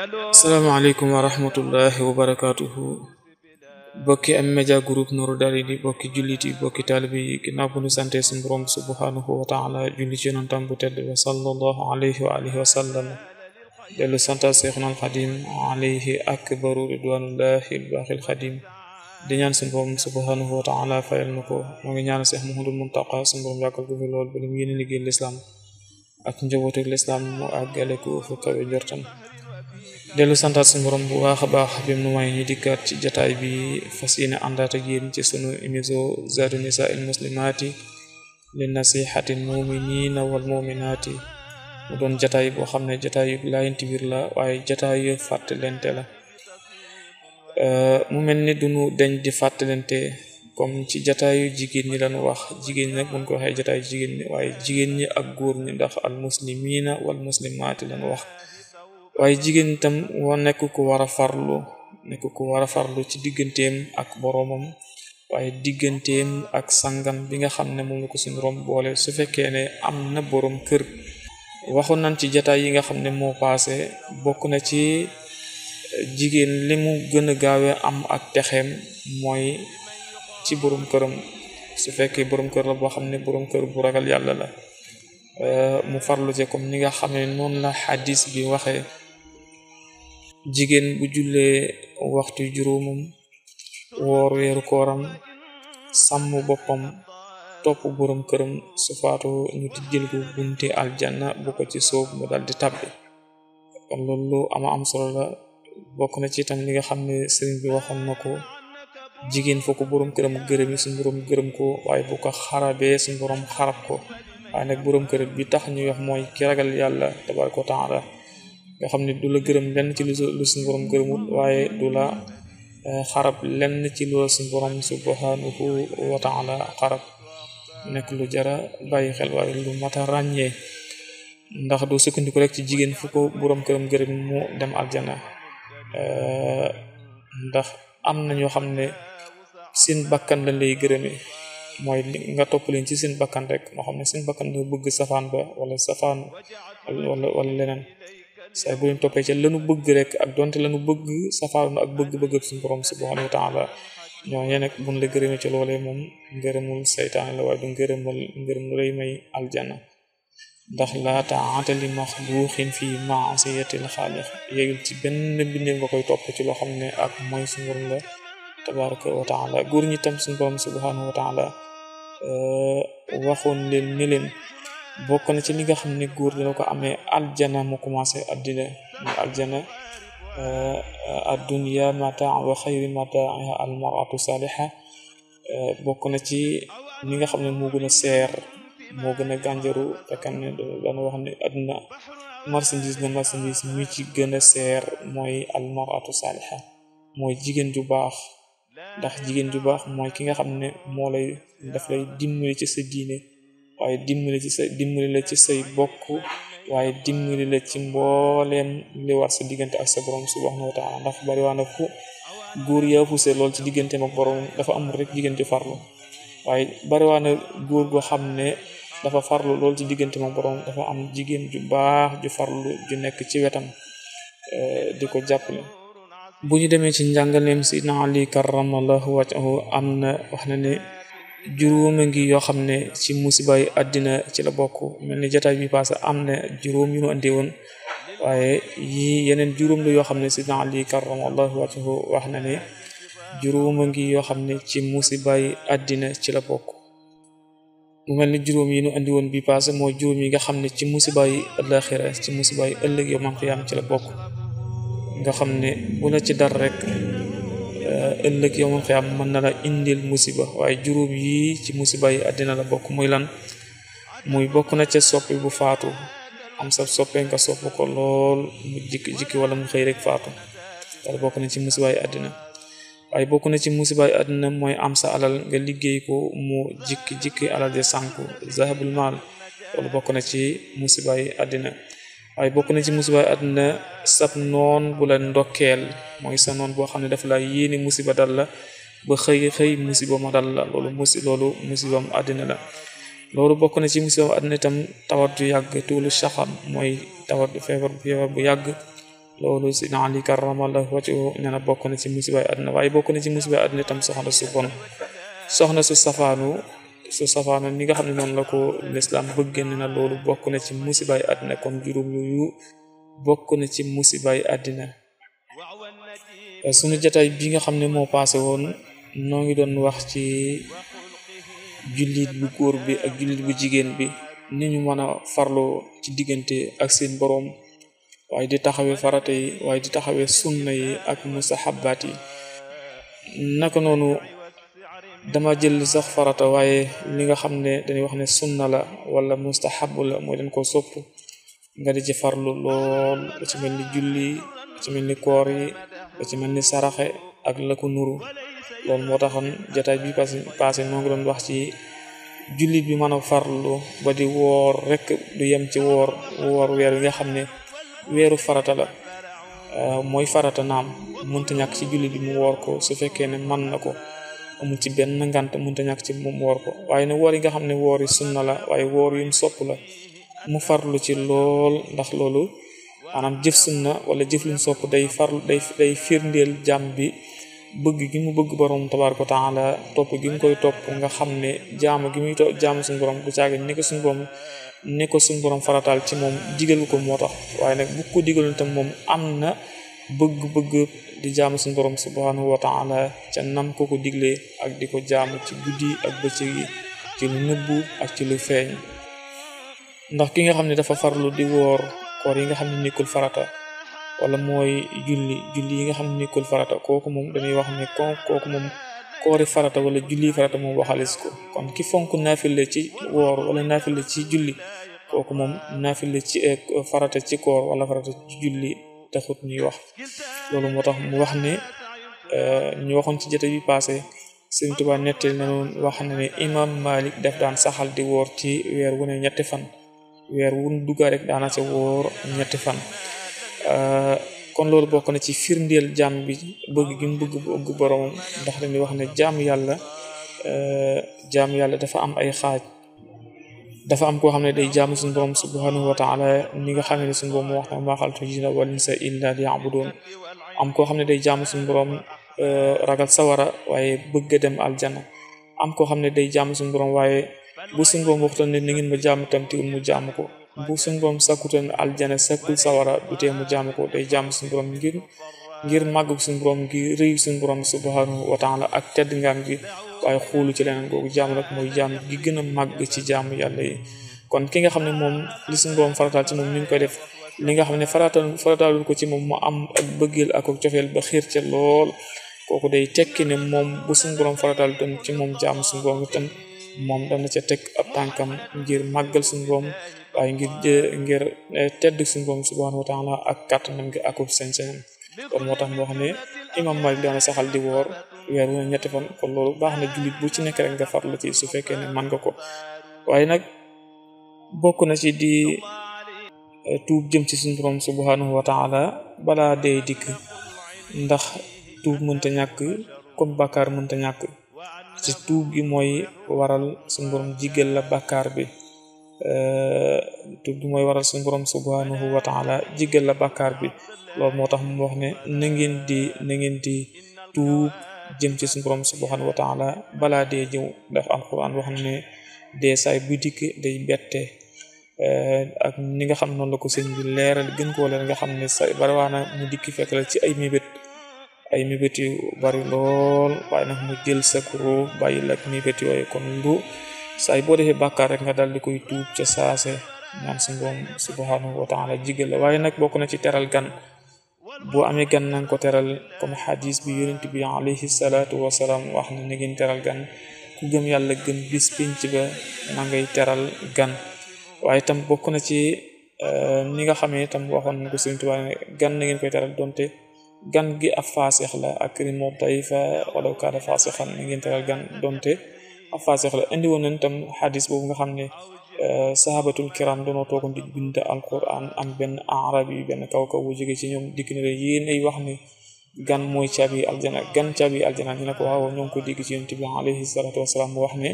asalaamaaleykum wa rahmatullahi wa barakaatuhu bokki am média groupe Nourou Darayni bokki jullit yi bokki taalibe yi ginnaaw bu ñu sante suñu borom subhanahu wa taala julli ci bu tedd ba sallallahu alayhi wa alihi wa sallam santa seexna alxadim alayhi akbaru ridwanullahi albaaxil xadim di ñaan suñu borom subhanahu wa taala fayal na ko moo ngi ñaan seex Muhammadul Muntaqa suñu borom yàggal ko fi lool ba mu yéene liggéey lislaam ak njabootu lislaam mu àggale ko fu kawe njortam dellu santa suñu borom bu baax a baax bi mu may ñu dikkaat ci jataay bi fas yéene àndaat ak yéen ci sunu émission zaadu nisaa il muslimaati li nasihatil muminina wal muminaati mu doon jataay boo xam ne jataay yu laayanti biir la waaye jataay yu fàttalente la euh, mu mel ni duñu deñ di fàttalente kom ci jataay jigéen ñi lañu wax jigéen ñi nag mun ko waxee jataayu jigéen ñi waaye jigéen ñi ak góor ñi ndax al muslimina wal muslimaati lañu wax waaye jigéen itam wa nekk ko war a farlu nekk ko war a farlu ci digganteem ak boroomam waaye digganteem ak sangam bi nga xam ne moom la ko suñu rom boole su fekkee ne am na boroom kër waxoon nañ ci jataay yi nga xam ne moo paase bokk na ci jigéen li gën a gaawe am ak texeem mooy ci boroom këram su fekkee boroom kër la boo xam ne boroom kër bu ragal yàlla la euh, mu farlu ci comme ni nga xamee ne noonu la bi waxee jigéen bu julee waxtu juróomam woor weeru kooram sàmm boppam topp borom këram su ñu tijjel ko bunti aljanna bu ko ci soob mu dal di loolu ama am solo la bokk na ci itam li nga xam ne sëriñ bi waxoon ko jigéen fokk ko borom këram gërëm yi suñu borom gërëm ko waaye bu ko xarabee suñu borom xarab ko waaye nag borom kër bi tax ñu wax mooy ki ragal yàlla tabaraka wa taala nga xam ne du la gërëm lenn ci lu suñu borom gërëmut waaye du la eh, xarab lenn ci lu suñu borom subhanahu wa taala xarab nekk lu jara bàyyi xel waaye lu mat a ràññee ndax du sukkandiku rek ci jigéen fu ko borom këram gërëm mu dem aljana eh, ndax am na ñoo xam ne seen bakkan lañ lay gërëmee mooy nga topp leen ci seen bakkan rek moo xam ne seen bakkan la bëgg safaan ba wala safaan wala leneen saa bu leen toppee ca lanu bëgg rek ak donte lanu bëgg safaanu ak bëgg-bëgg suñu borom subhanahu wa taala ñooñu nag buñ la gërëmee ci moom ngërëmul saytaan la waaye du ngërëmal ngërëm lu lay may aljana ndax laa taata li maxluuqin fi maasiyatil xaaliq ci benn mbindeef koy topp ci loo ne ak mooy suñu borom la tabaraka wa taala góor ñi tam suñu borom subhanahu wa taala euh, waxoon leen ni leen bokk na ci li nga xam ni góor dina ko amee aljana mu commencé addina mu aljana euh, addunya mataa wa xayri mataaha almaratu saliha euh, bokk na ci li nga xam ne moo gën a seer moo gën a gànjaru te kan ne dana wax ne adduna marchandise na marchandise mi ci gën a seer mooy almaratu saliha mooy jigéen ju baax ndax jigéen ju baax mooy ki nga xam ne moo lay daf lay dimbali ci sa diine waaye dimbali ci sa dimbali la ci say bokk waaye dimbali la ci mbooleem li war sa diggante ak sa borom subhanahu wa taala ndax bari waa na ku góor yaa fuse lool ci digganteem ak borom dafa amul rek diggante farlu waaye bari waa na góor goo xam ne dafa farlu lool ci digganteem ak borom dafa am jigéen ju baax ju farlu ju nekk ci wetam eh, di ko jàppale bu ñu demee ci njàngaleem si na ali karamallahu wajhahu am na wax na ne juróomi ngi yoo xam ne ci musiba yi àddina ci la bokk mel ni jataay bi passé am na juróom yu nu andi waaye yi yeneen juróom la yoo xam ne sidna Ali karamallahu wajhahu wax na ne juróoma ngi yoo xam ne ci musiba yi àddina ci la bokk mel ni juróom yi nu andi woon bi passé moo juróom yi nga xam ne ci musiba yi alaxira ci musiba yi ëllëg yow man xiyaam ci la bokk nga xam ne bu ci dar rek ëllëg yow man xiyaam mën na la indil musiba waaye juróom yi ci musiba yi àddina la bokk muy lan muy bokk na ca soppi bu faatu am sa soppe nga sopp ko lool mu jikki jikki wala mu xëy rek faatu bokk na ci musiba yi waaye bokk na ci musiba yi àddina mooy am sa alal nga liggéey ko mu jikki jikki alal de sànku zahabul maal loolu bokk na ci musiba yi àddina waaye bokk na ci musiba àdduna sab noon bu la ndokkeel mooy sa noon boo xam ne dafa la yéene musiba dal la ba xëy xëy musiba ma dal la loolu musi loolu musibam àddina la loolu bokk na ci musibam àddina itam tawat ju yàgg tuulu saxam mooy tawat feebar feebar bu yàgg loolu si na Ali karamallahu wajhu nee na bokk na ci musiba àddina waaye bokk na ci musiba àddina itam soxna su bon soxna su safaanu su safaana ni nga xam ne noonu la ko lislaam bëggee na loolu bokk na ci musibaay àddina kon juróom yooyu bokk na ci musibaay àddina sunu jataay bi nga xam ne moo paase woon noo ngi doon wax ci jullit bu góor bi ak jullit bu jigéen bi ni ñu mën a farloo ci diggante ak seen boroom waaye di taxawee farata yi waaye di taxawe sunna yi ak mustahabaat yi naka noonu dama jël sax farata waaye li nga xam ne dañuy wax ne sunna la wala mustahabu la mooy dañ ko sopp nga di ci farlu lool da ci mel ni julli da ci mel ni koor yi da ci mel ni saraxe ak la ko nuru loolu moo taxoon jataay bi passé passé moo ngi doon wax ci jullit bi mën a farlu ba di woor rek du yem ci woor woor weer wi nga xam ne weeru farata la mooy farata naam mun mënta ñàkk ci jullit bi mu woor ko su fekkee ne man na ko amul ci benn ngant mënta ñàkk ci moom woor ko waaye ne woor yi nga xam ne woor yi sunna la waaye woor yum sopp la mu farlu ci lool ndax loolu maanaam jëf na wala jëf luñ sopp day farlu day day firndeel jàmm bi bëgg gi mu bëgg borom ko wa la topp gi mu koy topp nga xam ne jaamu gi muy jaamu suñu borom bu saagee ne ko suñu borom ne ko suñu borom farataal ci moom digal ko moo tax waaye nag bu ko digal tam moom am na bëgg-bëgg. di jaamu suñu borom subhanahu wa taala ca nam ko ko diglee ak di ko jaamu ci guddi ak bëccëg yi ci lu nëbbu ak ci lu feeñ ndax ki nga xam ne dafa farlu di woor koor yi nga xam ne nekkul farata wala mooy julli julli yi nga xam nekkul farata kooku moom dañuy wax ne kon kooku moom wala julli farata moom waxalis ko kon ki fonk naafile ci woor wala naafile ci julli kooku moom naafile ci eh, farata ci koor wala farata ci julli taxut ñuy wax loolu moo tax mu wax ne euh, ñu waxoon ci jëte bi passé Sëriñ Tuubaa nettali na noonu wax na ne imam Malik daf daan saxal di woor ci weer wu ne ñetti fan weer wun duggaa rek daana se woor ñetti fan euh, kon loolu bokk na ci firndeel jaam bi bëgg gi mu bëgg bëgg boromam ndax dañuy wax ne jaam yàlla euh, jaam yàlla dafa am ay xaaj dafa am koo xam ne day jaamu suñu borom subhanahu wa taala ni nga xam ne suñu borom wax na xaltu jinna wal insa illa liya'budun am ko xam ne day jaamu suñu borom euh, ragal sawara waaye bëgg a dem aljana am koo xam ne day jaamu suñu borom waaye bu suñu borom waxtaan ne ni ngeen ma jaamu tam tiwul mu jaamu ko bu suñu borom sakkutoon aljana sakkul sawara du tee mu jaamu ko day jaamu suñu borom ngir ngir màggu suñu borom gi rëyu suñu borom subhanahu wa taala ak tedd ngaam gi waaye xuulu ci leneen googu jaamu rek mooy jaamu gi gën a màgg ci jaamu yàlla yi kon ki xam ne moom li suñu borom ci moom ni koy def li nga xam ne faraatal farataalul ko ci moom mu am ak bëggeel ak ak cofeel ba xiir ca lool kooku day tekki ne moom bu suñu borom farataal tam ci moom jaam suñu borom itam moom dana ca teg ab tànkam ngir màggal suñu borom waaye ngir ngir e, tedd suñu borom subhanahu wa taala ak kàttanam gi akub sañ-sañam kon moo tax moo xam ne imam Malik daana saxal di woor weer wu ñetti fan kon loolu baax na jullit bu ci nekk rek nga farlu ci su fekkee ne man nga ko waaye nag bokk na ci di tuub jëm ci suñu borom subhanahu wa taala balaa dee dikk ndax tuub mënta ñàkk comme bàkkaar mënta ñàkk ci tuub gi mooy waral suñu borom jiggal bi euh, tuub gi mooy waral suñu borom subhanahu wa taala jiggal la bàkkaar bi loolu moo tax mu wax ne na ngeen di na ngeen di tuub jëm ci suñu borom subhanahu balaa dee jëw ndax alquran wax na ne dee saay bu dikk day bette Euh, ak ni nga xam noonu la ko sëñ bi leeral gën koo leen nga xam ne sa bari waa na mu dikki fekk la ci ay mébét ay mébét yu bari lool waaye nag mu jël sa kuro bàyyi la ak yooyu kon lu saay boo defee bàkkaar rek nga dal di koy tuub ca saase ñaan si moom subhanahu wa taala jigéen la waaye nag bokk na ci teral gan boo amee gan nanga ko teral comme xadis bi yonent bi alayhi salaatu wasalaam wax na ni ngeen teral gan ku gëm yàlla gëm bis pinc ba na ngay teral gan waaye tam bokk na ci ni euh, nga xam ne itam waxoon na ko Sëriñ Tuubaa ne gan na ngeen koy teral donte gan gi ab faasix la ak rimoo dayfa walaw kaana faasixan ni ngeen teral gan donte ab faasix la indi woon tam itam xadis boobu nga xam ne euh, sahabatul kiram doonoo toogoon di bind alquran am benn arab yi benn kaw kaw bu jóge ci ñoom dikk ne leen wax ni gan mooy caabi aljana gan caabi aljana ñu ne ko waaw ñoo ngi ko dégg ci yonent bi alayhi salaatu wasalaam mu wax ne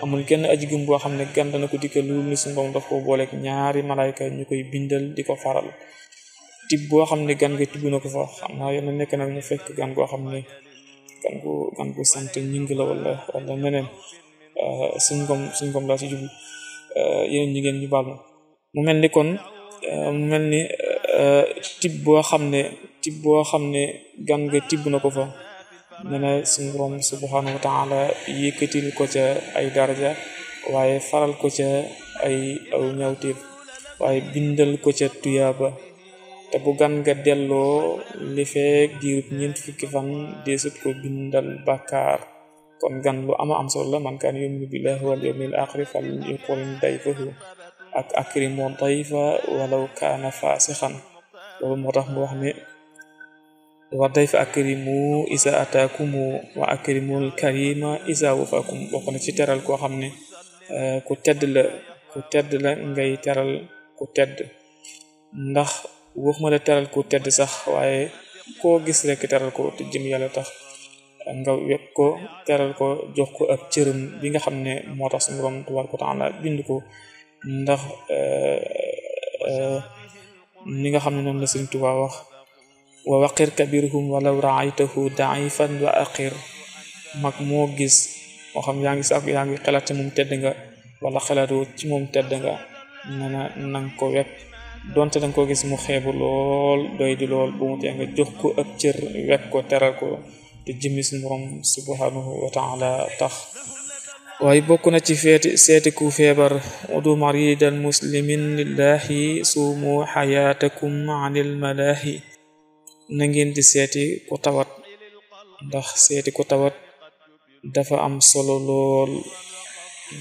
amul kenn aji gëm boo xam ne gan dana ko dikkal lu ni suñu borom daf ko booleeg ñaari malayka ñu koy bindal di ko faral tib boo xam ne gan nga tibb na ko fa xam yéen a nekk nag mu fekk gan goo xam ne gan gu gan gu sant ñing la wala wala neneen euh, suñ kom suñ kom laa ci jublu euh, yeneen ñi ngeen ñu baal mu mel ni kon euh, mu mel ni tib boo xam ne tib boo xam ne gan tibb na ko fa ne na suñu borom subhanahu ko ay daraja waaye faral ko ca ay aw ñawteef waaye bindal ko ca tuyaaba te bu gan nga delloo li feek diirub ñeent fukki fan deesut ko bindal bàkkaar kon gan lu ama am solo man kaan yuminu billahi wal yawmil axiri fal yuqul dayfahu ak akrimu dayfa walaw kaana fasixan loolu moo tax wax ne wa dayfa akrimu isa ataakumu wa akrimul karima isa wafakum bokk na ci teral koo xam ne euh, ku tedd la ku tedd la ngay teral ku tedd ndax waxuma la teral ku tedd sax waaye koo gis rek teral ko te jëm yàlla tax nga wekk ko teral ko jox ko ab cërëm bi nga xam ne moo tax suñu bind ko ndax euh, euh, ni nga xam ne noonu la Sëriñ wa waqir kabirhum walaw raaytahu daifan wa aqir mag moo gis moo xam yaa ngi sax yaa ngi xalaat ci moom tedd wala xalaatoo ci moom tedd nga nana nanga ko wekk donte danga ko gis mu xeebu lool doy lool mu tee nga jox ko ab cër wekk ko teral ko te jëmmi suñu borom wa taala tax waaye bokk na ci feeti feebar udu maridal muslimin lillahi suumu xayaatakum anil malaahi na ngeen di seeti ko tawat ndax seeti ko tawat dafa am solo lool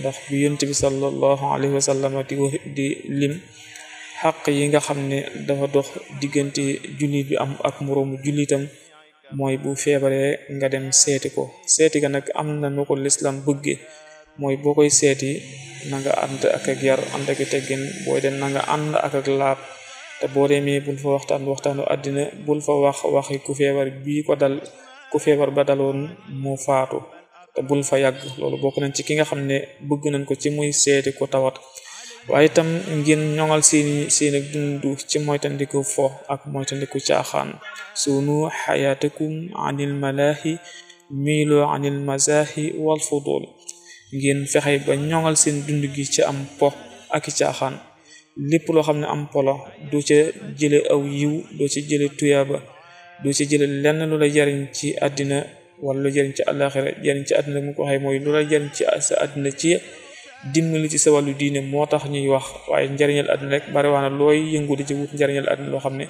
ndax bi yonent bi sallallahu alayhi wa sallam di di lim xaq yi nga xam ne dafa dox diggante jullit bi am ak moroomu jullitam mooy bu feebaree nga dem seeti ko seeti ga nag am na nu ko lislaam mooy boo koy seeti na nga ànd ak ak yar ànd ak teggin booy dem na nga ànd laab te boo demee bul fa waxtaan waxtaanu àddina bul fa wax waxi ku feebar bi ko dal ku feebar ba daloon mu faatu te bul fa yàgg loolu bokk nañ ci ki nga xam ne bëgg nañ ko ci muy seeti ko tawat waaye itam ngeen ñoŋal seeni seeni dundu ci moytandiku fo ak moytandiku caaxaan sunu xayaatakum anil malaahi miilu anil mazaahi wal fudul ngeen fexey ba ñoŋal seen dund gi ci am po ak caaxaan lépp loo xam ne am polo doo ca jële aw yiw doo ca jële tuyaaba doo ca jële lenn lu la jariñ ci àddina wala lu jariñ ci àllaaxira jariñ ci àddina mu ko mooy lu la jariñ ci sa ci dimbali ci sa wàllu diine moo tax ñuy wax waaye njariñal àddina rek bari wax looy yëngu di ci wut njariñal àddina loo xam ne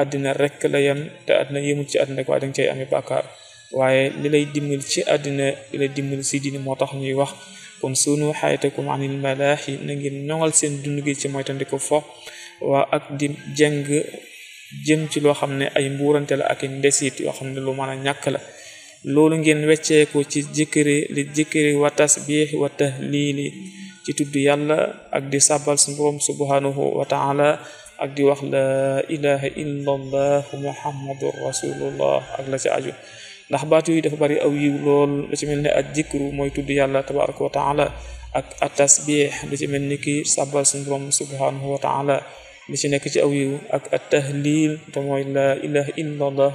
àddina rek la yem te àddina yemul ci àddina rek waaye danga cay amee bàkkaar waaye li lay dimbali ci àddina li lay dimbil si diine moo tax ñuy wax kon sunu xaytakum anil malaahi na ngeen ñoŋal seen dund gi ci moytandiku fo waa ak di jëng jëm ci loo xam ne ay mbuurante la ak ndesit yoo xam ne lu mën a ñàkk la loolu ngeen wecceeku ci jikkiri li jikkiri wa tasbix wa tahliili ci tudd yàlla ak di sabal suñu borom subhanahu wa taala ak di wax la ilaha illa allah rasulullah ak la ci aju ndax baatu yi dafa bari aw yiw lool lu mel ni ak jikru mooy tudd yàlla tabaraka wa taala ak atasbix lu ci mel ni ki sàbbal suñu borom subhanahu wa taala li nekk ci aw yiw ak at-tahlil te mooy la ilaha illa allah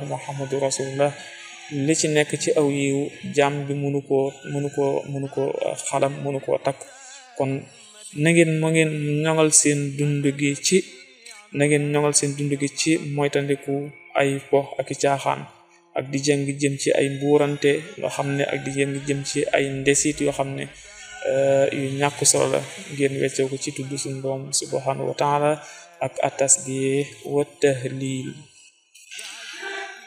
li ci nekk ci aw yiw jàmm bi mënu koo mënu koo mënu koo xalam mënu koo takk kon na ngeen ma ngeen ñoŋal seen dund gi ci na ngeen ñoŋal seen dund gi ci moytandiku ay pox ak i caaxaan ak di jëng jëm ci ay mbuurante loo xam ne ak di jëng jëm ci ay ndesit yoo xam ne eh, yu ñàkk solo la ngeen weccoo ko ci tudd suñu borom subhanahu wa taala ak atasbih wa tahlil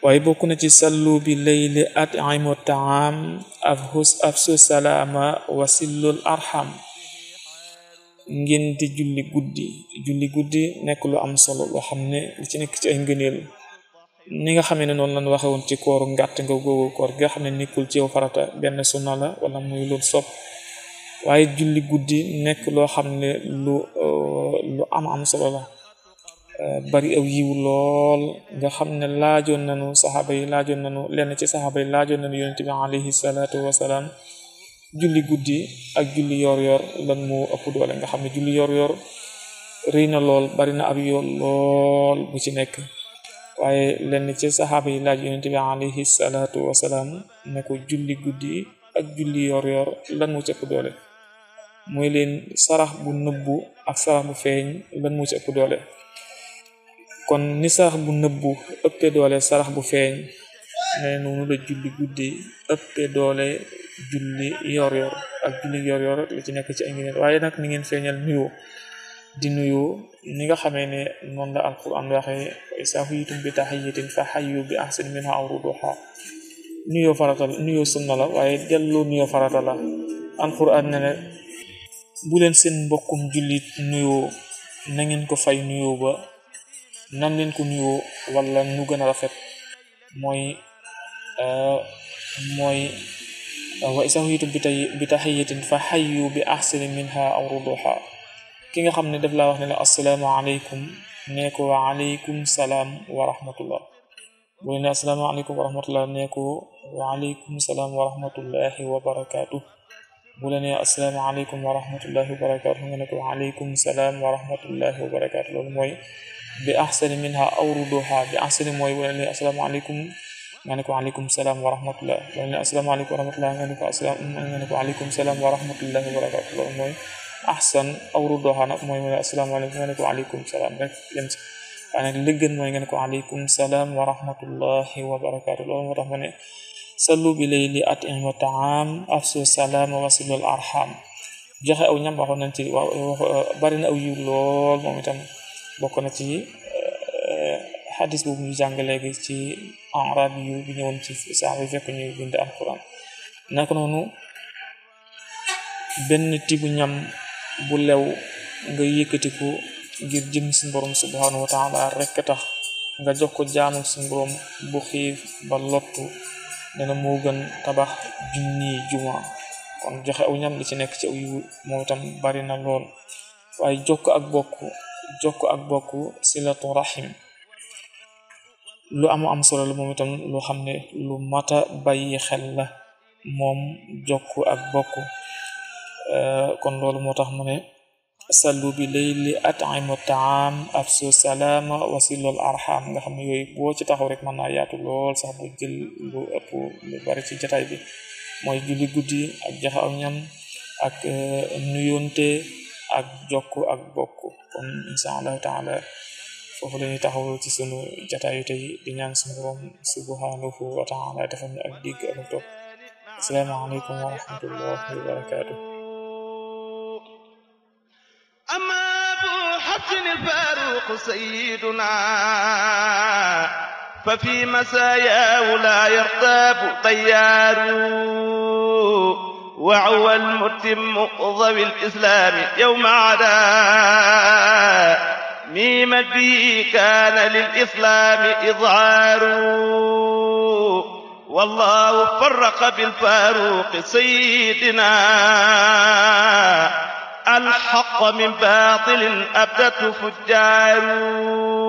waaye bokk na ci sallu bi layli atimu taam afhus afsu salaama wasillul arham ngeen di julli guddi julli guddi nekk lu am solo loo xam ne li nekk ci ay ngëneel ni nga xamee ne noonu lañ waxee woon ci kooru ngàtt nga googu koor gi nga xam ne nekkul ci yow farata benn sunna la wala muy lu sopp waaye julli guddi nekk loo xam ne lu euh, lu am am solo la euh, bari aw yiw lool nga xam ne laajoon nañu saxaaba yi laajoon nañu lenn ci saxaaba yi laajoon nañu yoon bi alayhi salaatu wasalaam julli guddi ak julli yor yor lan moo ëpp doole nga xam ne julli yor yor rëy na lool bari na ab yoon lool bu ci nekk waaye lenn ci saxaaba yi laaj yonente bi alayhi salaatu wasalaam ne ko julli guddi ak julli yor yor lan mu ci ëpp doole mooy leen sarax bu nëbbu ak sarax bu feeñ lan moo ci doole kon ni sarax bu nëbbu ëppee doole sarax bu feeñ ne noonu la julli guddi ëppee doole julli yor yor ak julli yor yor la ci nekk ci ay ngeen waaye nag ni ngeen feeñal nuyoo di nuyo ni nga xamee ne noonu la alquran waxee isaa huyitum bi taxiyatin fa xayu bi ahsin minha aw ruduha nuyoo farata la nuyoo sunna la waaye delloo nuyoo farata la alquran ne ne bu leen seen mbokkum jullit nuyoo na ko fay nuyoo ba nan leen ko nuyoo wala nu gën a rafet mooy euh, mooy wa isaa huyitum bi taxiyatin fa xayu bi ahsin minha aw ruduha ki nga xam ne daf laa wax ne la asalaamaaleykum nee ko wa aleykum salaam wa rahmatullah bu ne asalaamaaleykum wa rahmatullah nee ko wa aleykum salaam wa rahmatullahi wa barakaatu bu la nee asalaamaaleykum wa rahmatullahi wa barakaatu nga ne ko wa aleykum salaam wa rahmatullahi wa barakaatu loolu mooy bi ahsani minha aw ruduha bi ahsani mooy bu la nee asalaamaaleykum nga ne ko aleykum salaam wa rahmatullah bu la nee asalaamaaleykum wa rahmatullah nga ne ko asalaam nga ne ko aleykum salaam wa rahmatullahi wa barakaatu loolu mooy ahsan aw ruddoxaa nag mooy mu ne asalaamaaleykum nga ne ko aleykum salaam rek yem si waaye nag lëggën mooy nga ne ko aleykum salaam wa rahmatullahi wa barakaatu loolu moo tax mu ne sallu bi layli atim wa taam afsu salaam wa arham joxe aw ñam waxoon nañ ci wax bari na aw yiw lool moom itam bokk na ci eh, xadis boobu ñu jàng léegi ci arab yu bi ñëwoon ci sax bi fekk ñuy bind alquran naka noonu benn tibu ñam bu lew nga yëkkatiku ngir jëm suñ borom subhanahu wa taala rekk tax nga jox ko jaamu suñ borom bu xiif ba lottu dana moo tabax junni juma kon joxe aw ñam li ci nekk ci aw yiw moo itam bari na lool waaye jokk ak bokku jokk ak bokk lu am am solo la moom itam loo xam ne lu mata bayi xel la moom jokk ak bokk Euh, kon loolu moo tax mu ne sallu bi layli at'imu taam afsu salaama wasilul arham nga xam ne boo ci taxaw rek man naa yaatu lool sax bu jël lu ëpp lu bari ci jataay bi mooy julli guddi ak jaxa aw ñam ak euh, nuyonte ak jokk ak bokk kon insha allahu taala foofu la ñuy taxaw ci sunu jataayu tey di ñaan sunu borom subhanahu wa taala defal ñu ak digg ak topp asalaamaaleykum wa rahmatullahi wa barakaatu محسن الفاروق سيدنا ففي مساياه لا يرتاب طيار وعوى المتم ضوي الإسلام يوم عدا ميم به كان للإسلام إظهار والله فرق بالفاروق سيدنا alxaq min baatilin abdatu fujjaaru